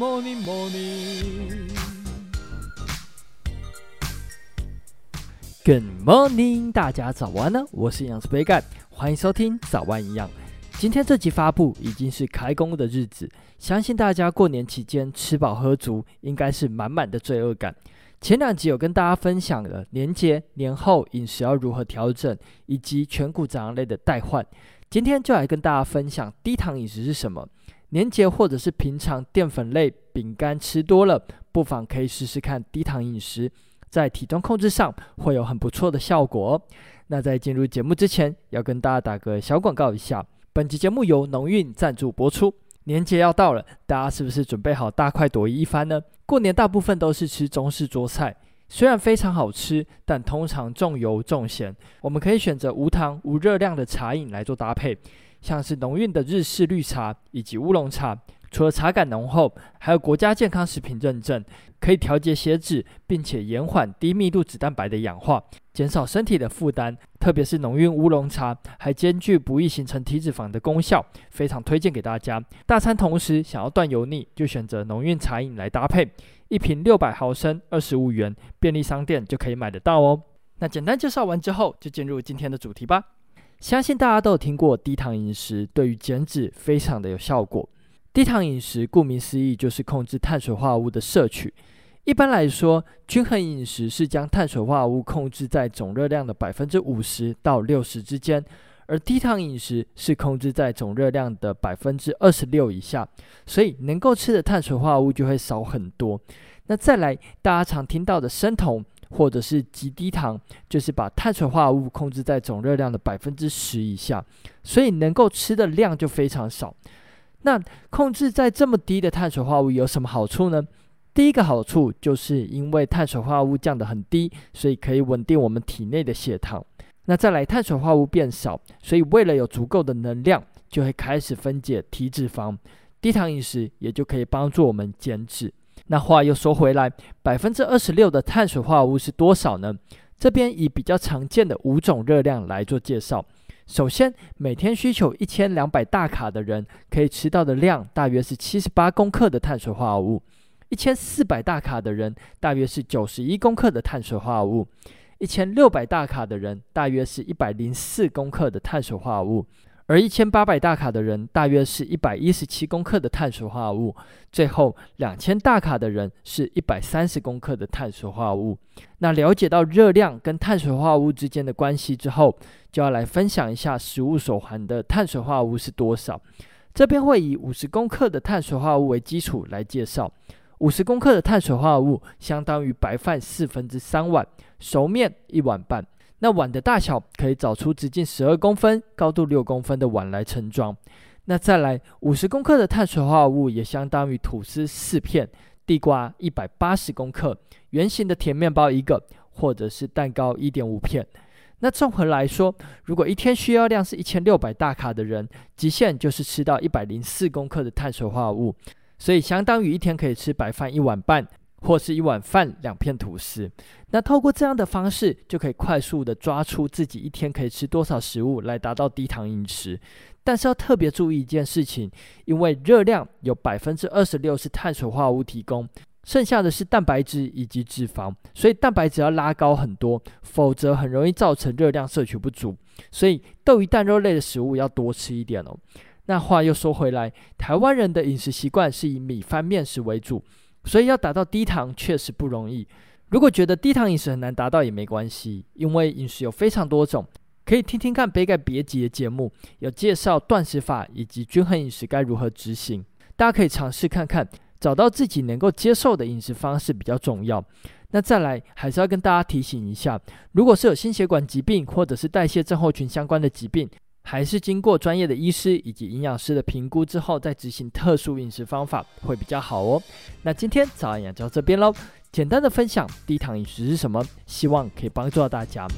Morning, morning. Good morning，大家早安呢！我是營養師杯蓋，歡迎收聽早安營養，今天這集發布已經是開工的日子，相信大家過年期間吃飽喝足，應該是滿滿的罪惡感。前兩集有跟大家分享了年節年後飲食要如何調整，以及全穀雜糧類的代換。今天就來跟大家分享低醣飲食是什麼。年節或者是平常澱粉類餅乾吃多了，不妨可以試試看低醣飲食，在體重控制上會有很不錯的效果哦。那在進入節目之前，要跟大家打個小廣告一下，本集節目由農運贊助播出。年節要到了，大家是不是準備好大快朵頤一番呢？過年大部分都是吃中式桌菜，雖然非常好吃，但通常重油重鹹，我們可以選擇無糖無熱量的茶飲來做搭配。像是濃韻的日式綠茶以及烏龍茶，除了茶感濃厚，還有國家健康食品認證，可以調節血脂，並且延緩低密度脂蛋白的氧化，減少身體的負擔。特別是濃韻烏龍茶，還兼具不易形成體脂肪的功效，非常推薦給大家。大餐同時想要斷油膩，就選擇濃韻茶飲來搭配。一瓶六百毫升，二十五元，便利商店就可以買得到哦。那簡單介紹完之後，就進入今天的主題吧。相信大家都有聽過低醣飲食對於減脂非常的有效果。低醣飲食顧名思義就是控制碳水化合物的攝取。一般來說，均衡飲食是將碳水化合物控制在總熱量的百分之五十到六十之間，而低醣飲食是控制在總熱量的百分之二十六以下，所以能夠吃的碳水化合物就會少很多。那再來，大家常聽到的生酮，或者是極低糖，就是把碳水化合物控制在總熱量的百分之十以下，所以能夠吃的量就非常少。那控制在這麼低的碳水化合物有什麼好處呢？第一個好處就是因為碳水化合物降得很低，所以可以穩定我們體內的血糖。那再來，碳水化合物變少，所以為了有足夠的能量，就會開始分解體脂肪。低糖飲食也就可以幫助我們減脂。那話又說回來，百分之二十六的碳水化合物是多少呢？這邊以比較常見的五種熱量來做介紹。首先，每天需求一千兩百大卡的人，可以吃到的量大約是七十八公克的碳水化合物；一千四百大卡的人，大約是九十一公克的碳水化合物；一千六百大卡的人，大約是一百零四公克的碳水化合物。而一千八百大卡的人大約是一百一十七公克的碳水化合物，最後兩千大卡的人是一百三十公克的碳水化合物。那了解到熱量跟碳水化合物之間的關係之後，就要來分享一下食物所含的碳水化合物是多少。這邊會以五十公克的碳水化合物為基礎來介紹，五十公克的碳水化合物相當於白飯四分之三碗，熟麵一碗半。那碗的大小，可以找出直徑十二公分、高度六公分的碗來盛裝。那再來，五十公克的碳水化合物也相當於吐司四片、地瓜一百八十公克、圓形的甜麵包一個，或者是蛋糕一點五片。那綜合來說，如果一天需要量是一千六百大卡的人，極限就是吃到一百零四公克的碳水化合物，所以相當於一天可以吃白飯一碗半。或是一碗飯、兩片吐司，那透過這樣的方式，就可以快速地抓出自己一天可以吃多少食物來達到低醣飲食。但是要特別注意一件事情，因為熱量有百分之二十六是碳水化合物提供，剩下的是蛋白質以及脂肪，所以蛋白質要拉高很多，否則很容易造成熱量攝取不足。所以豆魚蛋肉類的食物要多吃一點哦。那話又說回來，台灣人的飲食習慣是以米飯、麵食為主。所以要達到低醣確實不容易。如果覺得低醣飲食很難達到也沒關係，因為飲食有非常多種，可以聽聽看杯蓋別集的節目，有介紹斷食法以及均衡飲食該如何執行。大家可以嘗試看看，找到自己能夠接受的飲食方式比較重要。那再來還是要跟大家提醒一下，如果是有心血管疾病或者是代謝症候群相關的疾病，還是經過專業的醫師以及營養師的評估之後，再執行特殊飲食方法會比較好哦。那今天早安營養就到這邊嘍，簡單的分享低醣飲食是什麼，希望可以幫助到大家。